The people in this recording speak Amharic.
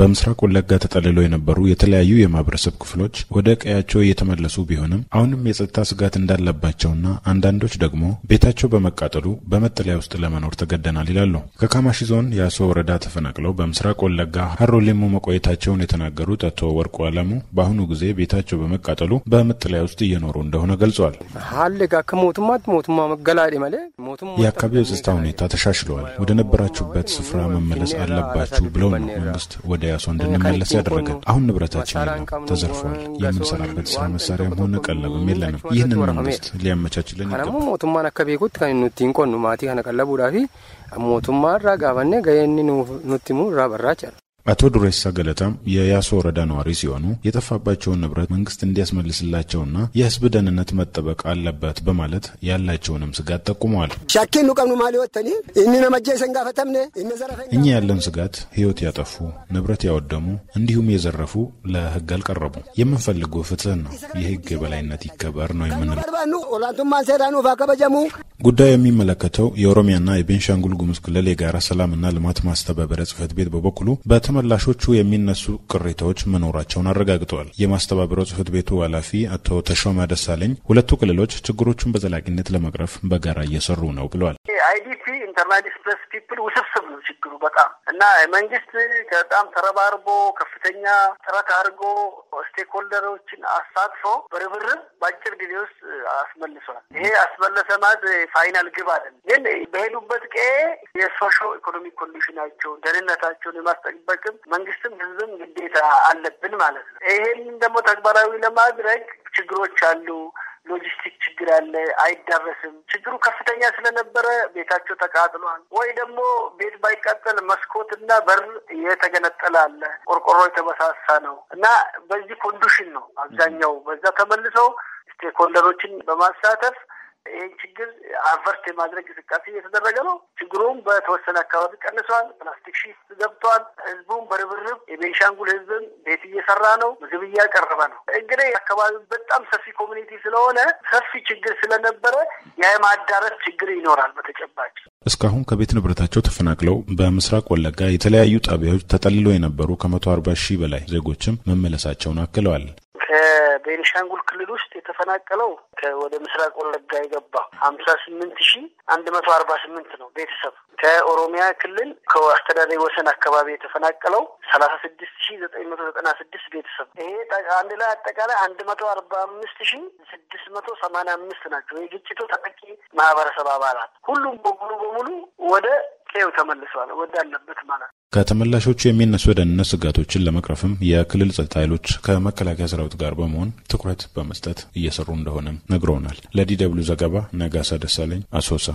በምስራቅ ወለጋ ተጠልለው የነበሩ የተለያዩ የማህበረሰብ ክፍሎች ወደ ቀያቸው እየተመለሱ ቢሆንም አሁንም የጸጥታ ስጋት እንዳለባቸውና አንዳንዶች ደግሞ ቤታቸው በመቃጠሉ በመጠለያ ውስጥ ለመኖር ተገደናል ይላሉ። ከካማሺ ዞን የአሶ ወረዳ ተፈናቅለው በምስራቅ ወለጋ ሀሮሊሙ መቆየታቸውን የተናገሩት አቶ ወርቁ አለሙ በአሁኑ ጊዜ ቤታቸው በመቃጠሉ በመጠለያ ውስጥ እየኖሩ እንደሆነ ገልጿል። የአካባቢው የጸጥታ ሁኔታ ተሻሽለዋል፣ ወደ ነበራችሁበት ስፍራ መመለስ አለባችሁ ብለው ነው መንግስት ወደ አያያዟ እንድንመለስ ያደረገን። አሁን ንብረታችን የለም፣ ተዘርፏል። የምንሰራበት ስራ መሳሪያም ሆነ ቀለብም የለንም። ይህንን መንግስት ሊያመቻችልን ይገባል። ሞቱማን አካ ቤኩት ከን ኑቲ እንቆኑ ማቲ ከነ ዳፊ ሞቱማ ራ ጋፈኔ ገየኒ ኑቲሙ ራ ቻል አቶ ዱሬሳ ገለታም የያሶ ወረዳ ነዋሪ ሲሆኑ የጠፋባቸውን ንብረት መንግስት እንዲያስመልስላቸውና የህዝብ ደህንነት መጠበቅ አለበት በማለት ያላቸውንም ስጋት ጠቁመዋል። ሻኪን እኛ ያለን ስጋት ህይወት ያጠፉ ንብረት ያወደሙ እንዲሁም የዘረፉ ለህግ አልቀረቡ የምንፈልገው ፍትህን ነው። የህግ የበላይነት ይከበር ነው የምንለው ጉዳዩ የሚመለከተው የኦሮሚያና የቤንሻንጉል ጉሙዝ ክልል የጋራ ሰላምና ልማት ማስተባበሪያ ጽህፈት ቤት በበኩሉ በተመላሾቹ የሚነሱ ቅሬታዎች መኖራቸውን አረጋግጠዋል። የማስተባበሪያው ጽህፈት ቤቱ ኃላፊ አቶ ተሾመ ደሳለኝ ሁለቱ ክልሎች ችግሮቹን በዘላቂነት ለመቅረፍ በጋራ እየሰሩ ነው ብለዋል። አይዲፒ ኢንተርናል ዲስፕሌስ ፒፕል ውስብስብ ነው ችግሩ በጣም እና መንግስት በጣም ተረባርቦ ከፍተኛ ጥረት አድርጎ ስቴክሆልደሮችን አሳትፎ በርብርብ በአጭር ጊዜ ውስጥ አስመልሷል። ይሄ አስመለሰ ማለት ፋይናል ግብ አይደለም፣ ግን በሄዱበት ቀ የሶሾ ኢኮኖሚ ኮንዲሽናቸውን ደህንነታቸውን የማስጠበቅም መንግስትም ህዝብም ግዴታ አለብን ማለት ነው። ይሄንን ደግሞ ተግባራዊ ለማድረግ ችግሮች አሉ። ሎጂስቲክ ችግር አለ፣ አይዳረስም። ችግሩ ከፍተኛ ስለነበረ ቤታቸው ተቃጥሏል። ወይ ደግሞ ቤት ባይቃጠል እና በር እየተገነጠለ አለ፣ ቆርቆሮ የተመሳሳ ነው እና በዚህ ኮንዲሽን ነው አብዛኛው በዛ ተመልሰው ስቴክሆልደሮችን በማሳተፍ ይህን ችግር አቨርት የማድረግ እንቅስቃሴ እየተደረገ ነው። ችግሩም በተወሰነ አካባቢ ቀንሷል። ፕላስቲክ ሺት ገብቷል። ህዝቡም በርብርብ የቤንሻንጉል ህዝብን እየሰራ ነው፣ ምግብ እያቀረበ ነው። እንግዲህ አካባቢው በጣም ሰፊ ኮሚኒቲ ስለሆነ ሰፊ ችግር ስለነበረ የማዳረስ ችግር ይኖራል። በተጨባጭ እስካሁን ከቤት ንብረታቸው ተፈናቅለው በምስራቅ ወለጋ የተለያዩ ጣቢያዎች ተጠልለው የነበሩ ከመቶ አርባ ሺህ በላይ ዜጎችም መመለሳቸውን አክለዋል። ከቤኒሻንጉል ክልል ውስጥ የተፈናቀለው ወደ ምስራቅ ወለጋ የገባ ሀምሳ ስምንት ሺ አንድ መቶ አርባ ስምንት ነው ቤተሰብ። ከኦሮሚያ ክልል ከአስተዳደሪ ወሰን አካባቢ የተፈናቀለው ሰላሳ ስድስት ሺ ዘጠኝ መቶ ዘጠና ስድስት ቤተሰብ። ይሄ አንድ ላይ አጠቃላይ አንድ መቶ አርባ አምስት ሺ ስድስት መቶ ሰማንያ አምስት ናቸው የግጭቱ ተጠቂ ማህበረሰብ አባላት ሁሉም በሙሉ በሙሉ ወደ ይኸው ተመልሰዋል ወደ አለበት ማለት ነው። ከተመላሾቹ የሚነሱ የደህንነት ስጋቶችን ለመቅረፍም የክልል ጸጥታ ኃይሎች ከመከላከያ ሰራዊት ጋር በመሆን ትኩረት በመስጠት እየሰሩ እንደሆነም ነግረውናል። ለዲ ደብልዩ ዘገባ ነጋሳ ደሳለኝ አሶሳ